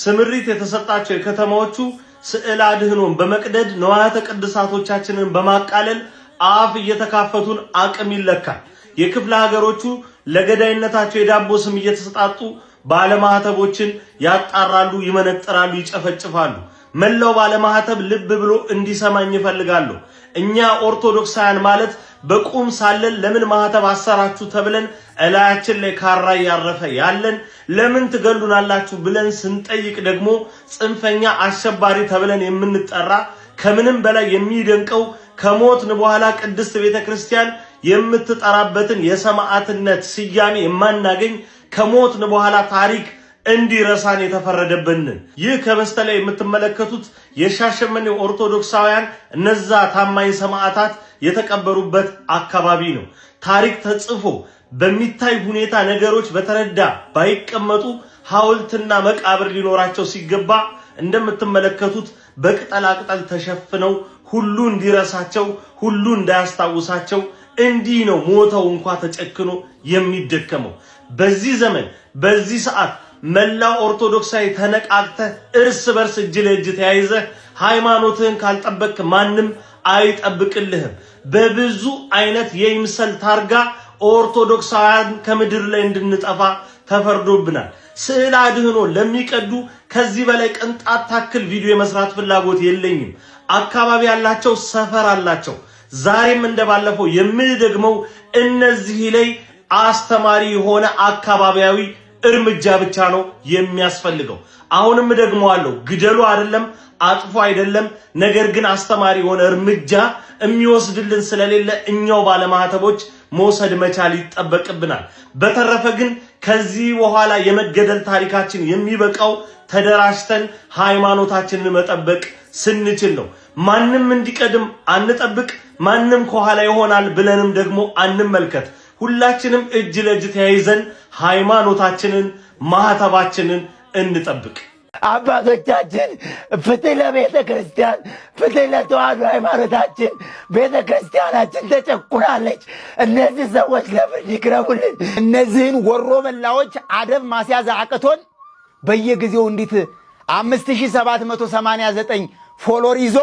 ስምሪት የተሰጣቸው የከተማዎቹ ስዕል አድህኖን በመቅደድ ነዋያተ ቅድሳቶቻችንን በማቃለል አፍ እየተካፈቱን አቅም ይለካል። የክፍለ ሀገሮቹ ለገዳይነታቸው የዳቦ ስም እየተሰጣጡ ባለማህተቦችን ያጣራሉ፣ ይመነጥራሉ፣ ይጨፈጭፋሉ። መላው ባለማህተብ ልብ ብሎ እንዲሰማኝ ይፈልጋሉ። እኛ ኦርቶዶክሳውያን ማለት በቁም ሳለን ለምን ማህተብ አሰራችሁ ተብለን እላያችን ላይ ካራ እያረፈ ያለን ለምን ትገሉናላችሁ ብለን ስንጠይቅ ደግሞ ጽንፈኛ አሸባሪ ተብለን የምንጠራ ከምንም በላይ የሚደንቀው ከሞትን በኋላ ቅድስት ቤተክርስቲያን የምትጠራበትን የሰማዕትነት ስያሜ የማናገኝ ከሞትን በኋላ ታሪክ እንዲረሳን የተፈረደብንን ይህ ከበስተላይ የምትመለከቱት የሻሸመኔ ኦርቶዶክሳውያን እነዛ ታማኝ ሰማዕታት የተቀበሩበት አካባቢ ነው። ታሪክ ተጽፎ በሚታይ ሁኔታ ነገሮች በተረዳ ባይቀመጡ ሐውልትና መቃብር ሊኖራቸው ሲገባ እንደምትመለከቱት በቅጠላቅጠል ተሸፍነው ሁሉ እንዲረሳቸው ሁሉ እንዳያስታውሳቸው እንዲህ ነው ሞተው እንኳ ተጨክኖ የሚደከመው። በዚህ ዘመን በዚህ ሰዓት መላው ኦርቶዶክሳዊ ተነቃቅተህ እርስ በርስ እጅ ለእጅ ተያይዘህ ሃይማኖትህን ካልጠበቅክ ማንም አይጠብቅልህም። በብዙ አይነት የይምሰል ታርጋ ኦርቶዶክሳውያን ከምድር ላይ እንድንጠፋ ተፈርዶብናል። ስዕል አድህኖ ለሚቀዱ ከዚህ በላይ ቅንጣት ታክል ቪዲዮ የመስራት ፍላጎት የለኝም። አካባቢ ያላቸው ሰፈር አላቸው። ዛሬም እንደባለፈው የምንደግመው እነዚህ ላይ አስተማሪ የሆነ አካባቢያዊ እርምጃ ብቻ ነው የሚያስፈልገው። አሁንም ደግሞ አለው ግደሉ አይደለም አጥፎ አይደለም። ነገር ግን አስተማሪ የሆነ እርምጃ የሚወስድልን ስለሌለ እኛው ባለማህተቦች መውሰድ መቻል ይጠበቅብናል። በተረፈ ግን ከዚህ በኋላ የመገደል ታሪካችን የሚበቃው ተደራጅተን ሃይማኖታችንን መጠበቅ ስንችል ነው። ማንም እንዲቀድም አንጠብቅ፣ ማንም ከኋላ ይሆናል ብለንም ደግሞ አንመልከት። ሁላችንም እጅ ለእጅ ተያይዘን ሃይማኖታችንን ማህተባችንን እንጠብቅ። አባቶቻችን ፍትህ ለቤተ ክርስቲያን፣ ፍትህ ለተዋህዶ ሃይማኖታችን። ቤተ ክርስቲያናችን ተጨቁናለች። እነዚህ ሰዎች ለፍርድ ይቅረቡልን። እነዚህን ወሮ መላዎች አደብ ማስያዝ አቅቶን በየጊዜው እንዲት 5789 ፎሎር ይዞ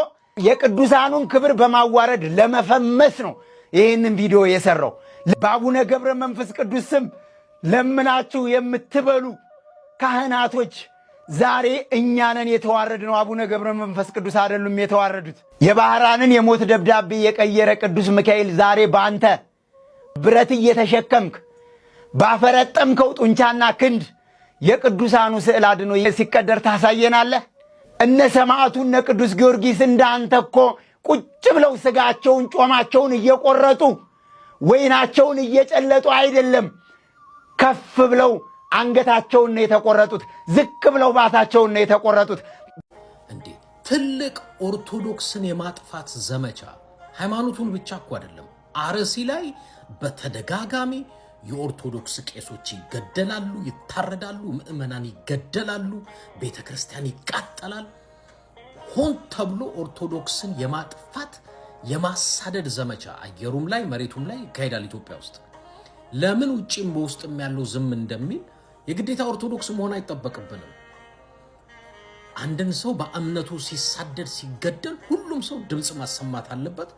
የቅዱሳኑን ክብር በማዋረድ ለመፈመስ ነው ይህንን ቪዲዮ የሰራው። በአቡነ ገብረ መንፈስ ቅዱስ ስም ለምናችሁ የምትበሉ ካህናቶች ዛሬ እኛንን የተዋረድ ነው። አቡነ ገብረ መንፈስ ቅዱስ አይደሉም የተዋረዱት። የባህራንን የሞት ደብዳቤ የቀየረ ቅዱስ ሚካኤል ዛሬ በአንተ ብረት እየተሸከምክ ባፈረጠምከው ጡንቻና ክንድ የቅዱሳኑ ስዕል አድኖ ሲቀደር ታሳየናለህ። እነ ሰማዕቱ እነ ቅዱስ ጊዮርጊስ እንዳንተ እኮ ቁጭ ብለው ስጋቸውን ጮማቸውን እየቆረጡ ወይናቸውን እየጨለጡ አይደለም፣ ከፍ ብለው አንገታቸውን ነው የተቆረጡት። ዝቅ ብለው ባታቸውን ነው የተቆረጡት። እንዴ ትልቅ ኦርቶዶክስን የማጥፋት ዘመቻ ሃይማኖቱን ብቻ እኮ አይደለም። አርሲ ላይ በተደጋጋሚ የኦርቶዶክስ ቄሶች ይገደላሉ፣ ይታረዳሉ፣ ምዕመናን ይገደላሉ፣ ቤተ ክርስቲያን ይቃጠላል። ሆን ተብሎ ኦርቶዶክስን የማጥፋት የማሳደድ ዘመቻ አየሩም ላይ መሬቱም ላይ ይካሄዳል ኢትዮጵያ ውስጥ። ለምን ውጭም በውስጥም ያለው ዝም እንደሚል የግዴታ ኦርቶዶክስ መሆን አይጠበቅብንም። አንድን ሰው በእምነቱ ሲሳደድ ሲገደል፣ ሁሉም ሰው ድምፅ ማሰማት አለበት፣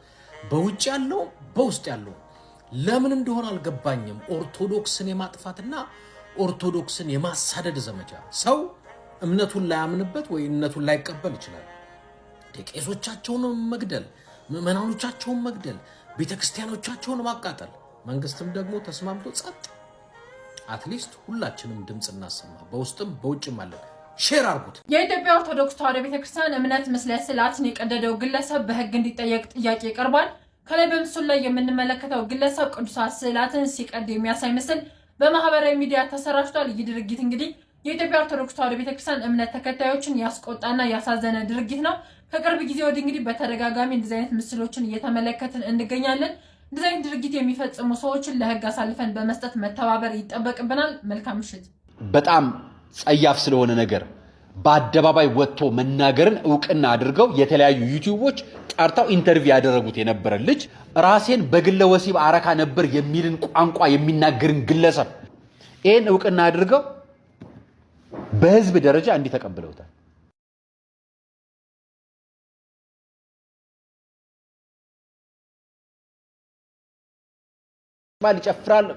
በውጭ ያለው በውስጥ ያለው። ለምን እንደሆነ አልገባኝም። ኦርቶዶክስን የማጥፋትና ኦርቶዶክስን የማሳደድ ዘመቻ። ሰው እምነቱን ላያምንበት ወይ እምነቱን ላይቀበል ይችላል። ቄሶቻቸውን መግደል ምዕመናኖቻቸውን መግደል፣ ቤተ ክርስቲያኖቻቸውን ማቃጠል፣ መንግስትም ደግሞ ተስማምቶ ጸጥ። አትሊስት ሁላችንም ድምፅ እናሰማ፣ በውስጥም በውጭም አለን። ሼር አርጉት። የኢትዮጵያ ኦርቶዶክስ ተዋሕዶ ቤተክርስቲያን እምነት ምስለ ስዕላትን የቀደደው ግለሰብ በህግ እንዲጠየቅ ጥያቄ ይቀርባል። ከላይ በምስሉ ላይ የምንመለከተው ግለሰብ ቅዱሳት ስዕላትን ሲቀድ የሚያሳይ ምስል በማህበራዊ ሚዲያ ተሰራጭቷል። ይህ ድርጊት እንግዲህ የኢትዮጵያ ኦርቶዶክስ ተዋሕዶ ቤተክርስቲያን እምነት ተከታዮችን ያስቆጣና ያሳዘነ ድርጊት ነው። ከቅርብ ጊዜ ወዲህ እንግዲህ በተደጋጋሚ እንደዚህ አይነት ምስሎችን እየተመለከትን እንገኛለን። እንደዚህ አይነት ድርጊት የሚፈጽሙ ሰዎችን ለህግ አሳልፈን በመስጠት መተባበር ይጠበቅብናል። መልካም ምሽት። በጣም ጸያፍ ስለሆነ ነገር በአደባባይ ወጥቶ መናገርን እውቅና አድርገው የተለያዩ ዩቲዩቦች ጠርተው ኢንተርቪው ያደረጉት የነበረ ልጅ ራሴን በግለ ወሲብ አረካ ነበር የሚልን ቋንቋ የሚናገርን ግለሰብ ይህን እውቅና አድርገው በህዝብ ደረጃ እንዲህ ተቀብለውታል። ይጨፍራል።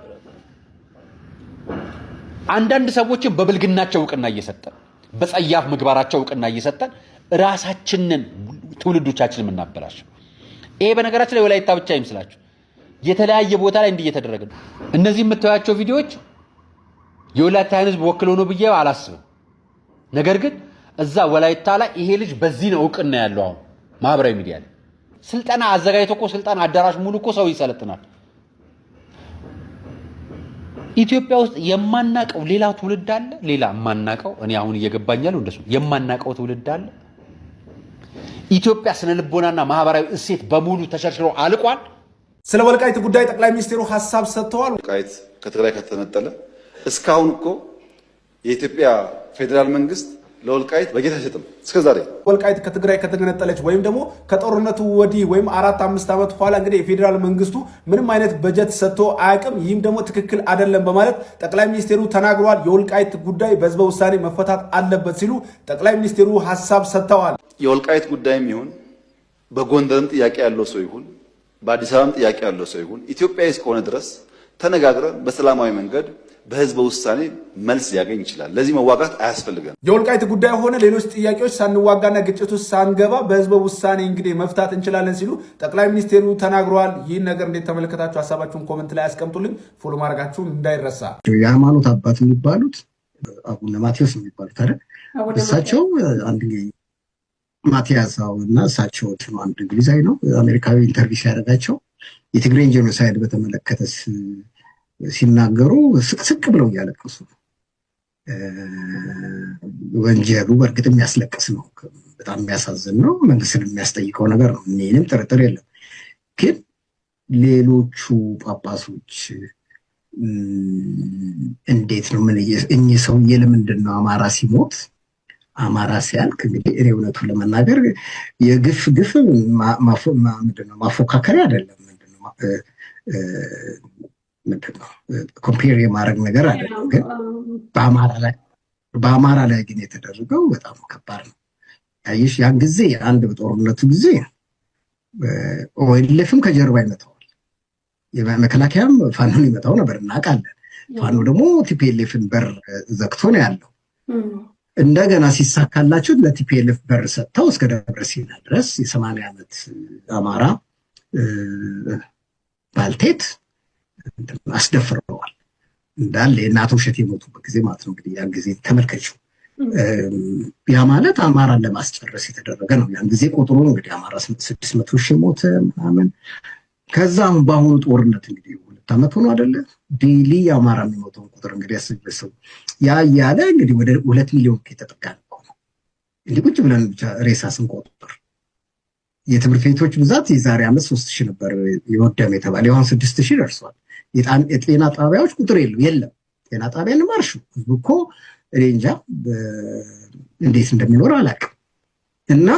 አንዳንድ ሰዎችን በብልግናቸው እውቅና እየሰጠን በጸያፍ ምግባራቸው እውቅና እየሰጠን ራሳችንን ትውልዶቻችን የምናበላቸው ይሄ በነገራችን ላይ ወላይታ ብቻ ይምስላችሁ የተለያየ ቦታ ላይ እንዲህ እየተደረገ ነው። እነዚህ የምታዩቸው ቪዲዮዎች የወላይታን ህዝብ ወክሎ ነው ብዬ አላስብም። ነገር ግን እዛ ወላይታ ላይ ይሄ ልጅ በዚህ ነው እውቅና ያለው። አሁን ማህበራዊ ሚዲያ ላይ ስልጠና አዘጋጅቶ እኮ ስልጠና አዳራሽ ሙሉ እኮ ሰው ይሰለጥናል። ኢትዮጵያ ውስጥ የማናቀው ሌላ ትውልድ አለ። ሌላ የማናቀው እኔ አሁን እየገባኛለሁ እንደሱ የማናቀው ትውልድ አለ። ኢትዮጵያ ስነ ልቦናና ማህበራዊ እሴት በሙሉ ተሸርሽሮ አልቋል። ስለ ወልቃይት ጉዳይ ጠቅላይ ሚኒስትሩ ሀሳብ ሰጥተዋል። ወልቃይት ከትግራይ ከተነጠለ እስካሁን እኮ የኢትዮጵያ ፌዴራል መንግስት ለወልቃይት በጌታ አይሰጥም። እስከዛሬ ወልቃይት ከትግራይ ከተገነጠለች ወይም ደግሞ ከጦርነቱ ወዲህ ወይም አራት አምስት ዓመት በኋላ እንግዲህ የፌዴራል መንግስቱ ምንም አይነት በጀት ሰጥቶ አያውቅም። ይህም ደግሞ ትክክል አይደለም በማለት ጠቅላይ ሚኒስቴሩ ተናግረዋል። የወልቃይት ጉዳይ በህዝበ ውሳኔ መፈታት አለበት ሲሉ ጠቅላይ ሚኒስቴሩ ሀሳብ ሰጥተዋል። የወልቃይት ጉዳይም ይሁን በጎንደርም ጥያቄ ያለው ሰው ይሁን በአዲስ አበባም ጥያቄ ያለው ሰው ይሁን ኢትዮጵያዊ እስከሆነ ድረስ ተነጋግረን በሰላማዊ መንገድ በህዝበ ውሳኔ መልስ ሊያገኝ ይችላል። ለዚህ መዋጋት አያስፈልገም። የወልቃይት ጉዳይ ሆነ ሌሎች ጥያቄዎች ሳንዋጋና ግጭቱ ሳንገባ በህዝበ ውሳኔ እንግዲህ መፍታት እንችላለን ሲሉ ጠቅላይ ሚኒስቴሩ ተናግረዋል። ይህን ነገር እንዴት ተመለከታችሁ? ሀሳባችሁን ኮመንት ላይ ያስቀምጡልኝ። ፎሎ ማድረጋችሁን እንዳይረሳ። የሃይማኖት አባት የሚባሉት አቡነ ማቴዎስ የሚባሉት አይደል? እሳቸው አንድ ማቲያስ እና እሳቸው አንድ እንግሊዛዊ ነው አሜሪካዊ ኢንተርቪው ሲያደርጋቸው የትግሬን ጄኖሳይድ በተመለከተስ ሲናገሩ ስቅስቅ ብለው እያለቀሱ ወንጀሉ በእርግጥ የሚያስለቅስ ነው። በጣም የሚያሳዝን ነው። መንግስትን የሚያስጠይቀው ነገር ነው። እኔንም ጥርጥር የለም። ግን ሌሎቹ ጳጳሶች እንዴት ነው? ምን እኚህ ሰውዬ ለምንድን ነው አማራ ሲሞት አማራ ሲያልቅ? እንግዲህ እኔ እውነቱን ለመናገር የግፍ ግፍ ምንድን ማፎካከሪያ አይደለም። ኮምፔር የማድረግ ነገር አለ። ግን በአማራ ላይ ግን የተደረገው በጣም ከባድ ነው። ያየሽ ያን ጊዜ አንድ በጦርነቱ ጊዜ ኦኤልኤፍም ከጀርባ ይመታዋል፣ መከላከያም ፋኖን ይመታው ነበር እናውቃለን። ፋኖ ደግሞ ቲፒኤልፍን በር ዘግቶ ነው ያለው። እንደገና ሲሳካላቸው ለቲፒኤልፍ በር ሰጥተው እስከ ደብረ ሲና ድረስ የሰማንያ ዓመት አማራ ባልቴት አስደፍረዋል እንዳለ የእናቶ ውሸት የሞቱበት ጊዜ ማለት ነው። እንግዲህ ያን ጊዜ ተመልከችው። ያ ማለት አማራን ለማስጨረስ የተደረገ ነው። ያን ጊዜ ቁጥሩ እንግዲህ አማራ ስድስት መቶ ሺህ ሞተ ምናምን። ከዛም በአሁኑ ጦርነት እንግዲህ ሁለት ዓመት ሆኖ አደለ ዴሊ የአማራ የሚሞተውን ቁጥር እንግዲህ ያስበሰው ያ እያለ እንግዲህ ወደ ሁለት ሚሊዮን የተጠጋ ነው። እንዲህ ቁጭ ብለን ብቻ ሬሳ ስንቆጥር የትምህርት ቤቶች ብዛት የዛሬ ዓመት ሶስት ሺህ ነበር የወደመ የተባለ የአሁን ስድስት ሺህ ደርሷል። የጤና ጣቢያዎች ቁጥር የሉ የለም ጤና ጣቢያ ልማርሽ ህዝቡ እኮ እኔ እንጃ እንዴት እንደሚኖር አላውቅም። እና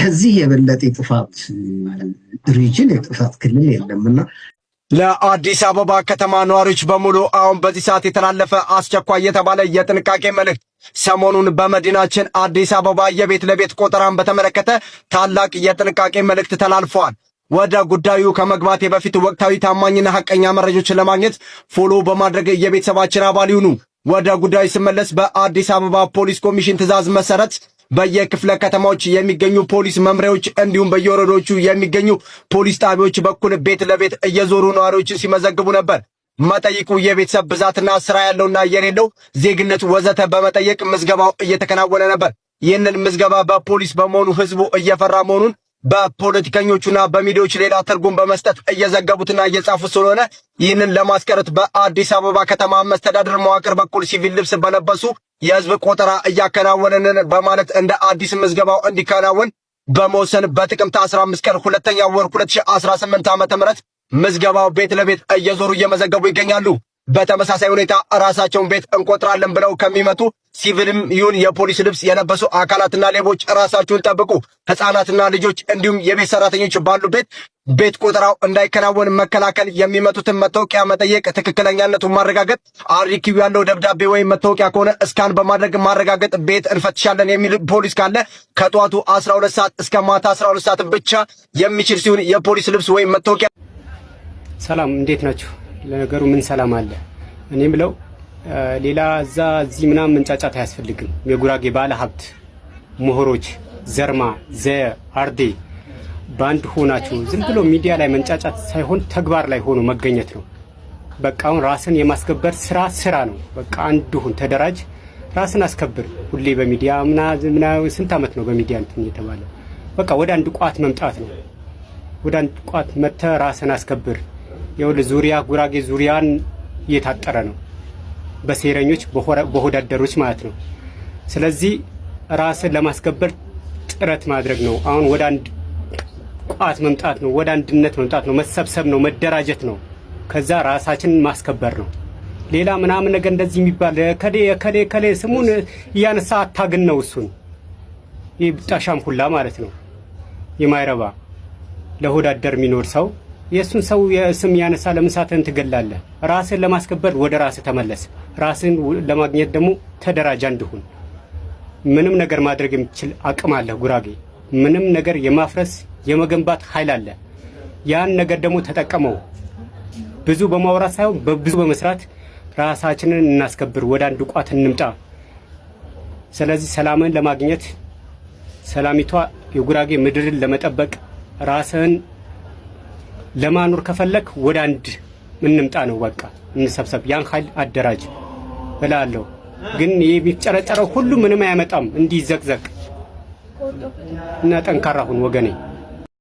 ከዚህ የበለጠ የጥፋት ሪጅን የጥፋት ክልል የለም እና ለአዲስ አበባ ከተማ ነዋሪዎች በሙሉ አሁን በዚህ ሰዓት የተላለፈ አስቸኳይ የተባለ የጥንቃቄ መልእክት ሰሞኑን በመዲናችን አዲስ አበባ የቤት ለቤት ቆጠራን በተመለከተ ታላቅ የጥንቃቄ መልእክት ተላልፈዋል። ወደ ጉዳዩ ከመግባቴ በፊት ወቅታዊ ታማኝና ሐቀኛ መረጃዎችን ለማግኘት ፎሎ በማድረግ የቤተሰባችን አባል ይሁኑ። ወደ ጉዳዩ ስመለስ በአዲስ አበባ ፖሊስ ኮሚሽን ትዕዛዝ መሰረት በየክፍለ ከተማዎች የሚገኙ ፖሊስ መምሪያዎች እንዲሁም በየወረዶቹ የሚገኙ ፖሊስ ጣቢያዎች በኩል ቤት ለቤት እየዞሩ ነዋሪዎችን ሲመዘግቡ ነበር። መጠይቁ የቤተሰብ ብዛትና ስራ ያለውና የሌለው ዜግነቱ ወዘተ በመጠየቅ ምዝገባው እየተከናወነ ነበር። ይህንን ምዝገባ በፖሊስ በመሆኑ ህዝቡ እየፈራ መሆኑን በፖለቲከኞቹና በሚዲያዎች ሌላ ትርጉም በመስጠት እየዘገቡትና እየጻፉ ስለሆነ ይህንን ለማስቀረት በአዲስ አበባ ከተማ መስተዳደር መዋቅር በኩል ሲቪል ልብስ በለበሱ የህዝብ ቆጠራ እያከናወንንን በማለት እንደ አዲስ ምዝገባው እንዲከናወን በመወሰን በጥቅምት 15 ቀን ሁለተኛ ወር 2018 ዓ.ም ምዝገባው ቤት ለቤት እየዞሩ እየመዘገቡ ይገኛሉ። በተመሳሳይ ሁኔታ ራሳቸውን ቤት እንቆጥራለን ብለው ከሚመቱ ሲቪልም ይሁን የፖሊስ ልብስ የለበሱ አካላትና ሌቦች ራሳችሁን ጠብቁ። ህፃናትና ልጆች እንዲሁም የቤት ሰራተኞች ባሉበት ቤት ቆጠራው እንዳይከናወን መከላከል፣ የሚመጡትን መታወቂያ መጠየቅ፣ ትክክለኛነቱን ማረጋገጥ፣ አሪኪው ያለው ደብዳቤ ወይም መታወቂያ ከሆነ እስካን በማድረግ ማረጋገጥ፣ ቤት እንፈትሻለን የሚል ፖሊስ ካለ ከጠዋቱ 12 ሰዓት እስከ ማታ 12 ሰዓት ብቻ የሚችል ሲሆን የፖሊስ ልብስ ወይም መታወቂያ። ሰላም፣ እንዴት ናችሁ? ለነገሩ ምን ሰላም አለ? እኔ ብለው ሌላ እዛ እዚህ ምናምን መንጫጫት አያስፈልግም። የጉራጌ ባለ ሀብት ምሁሮች፣ ዘርማ፣ ዘ አርዴ በአንድ ሆናችሁ ዝም ብሎ ሚዲያ ላይ መንጫጫት ሳይሆን ተግባር ላይ ሆኖ መገኘት ነው። በቃ አሁን ራስን የማስከበር ስራ ስራ ነው። በቃ አንድ ሁን፣ ተደራጅ፣ ራስን አስከብር። ሁሌ በሚዲያ ምና ስንት ዓመት ነው በሚዲያ እንትን የተባለ በቃ ወደ አንድ ቋት መምጣት ነው። ወደ አንድ ቋት መጥተህ ራስን አስከብር። የወለ ዙሪያ ጉራጌ ዙሪያን እየታጠረ ነው በሴረኞች በሆዳደሮች ማለት ነው። ስለዚህ ራስን ለማስከበር ጥረት ማድረግ ነው። አሁን ወደ አንድ ቋት መምጣት ነው፣ ወደ አንድነት መምጣት ነው፣ መሰብሰብ ነው፣ መደራጀት ነው። ከዛ ራሳችንን ማስከበር ነው። ሌላ ምናምን ነገር እንደዚህ የሚባል ከሌ ከሌ ከሌ ስሙን እያነሳ አታግን ነው እሱን ይህ ብጣሻም ሁላ ማለት ነው የማይረባ ለሆዳደር የሚኖር ሰው የእሱን ሰው ስም ያነሳ ለምሳተን ትገላለ። ራስን ለማስከበር ወደ ራስ ተመለስ። ራስን ለማግኘት ደግሞ ተደራጅ እንድሁን። ምንም ነገር ማድረግ የሚችል አቅም አለ ጉራጌ። ምንም ነገር የማፍረስ የመገንባት ኃይል አለ። ያን ነገር ደግሞ ተጠቀመው። ብዙ በማውራት ሳይሆን በብዙ በመስራት ራሳችንን እናስከብር፣ ወደ አንድ ቋት እንምጣ። ስለዚህ ሰላምን ለማግኘት ሰላሚቷ የጉራጌ ምድርን ለመጠበቅ ራስህን ለማኖር ከፈለክ ወደ አንድ እንምጣ ነው በቃ እንሰብሰብ፣ ያን ኃይል አደራጅ እላለሁ። ግን የሚጨረጨረው ሁሉ ምንም አያመጣም። እንዲዘቅዘቅ እና ጠንካራ ሁን ወገኔ።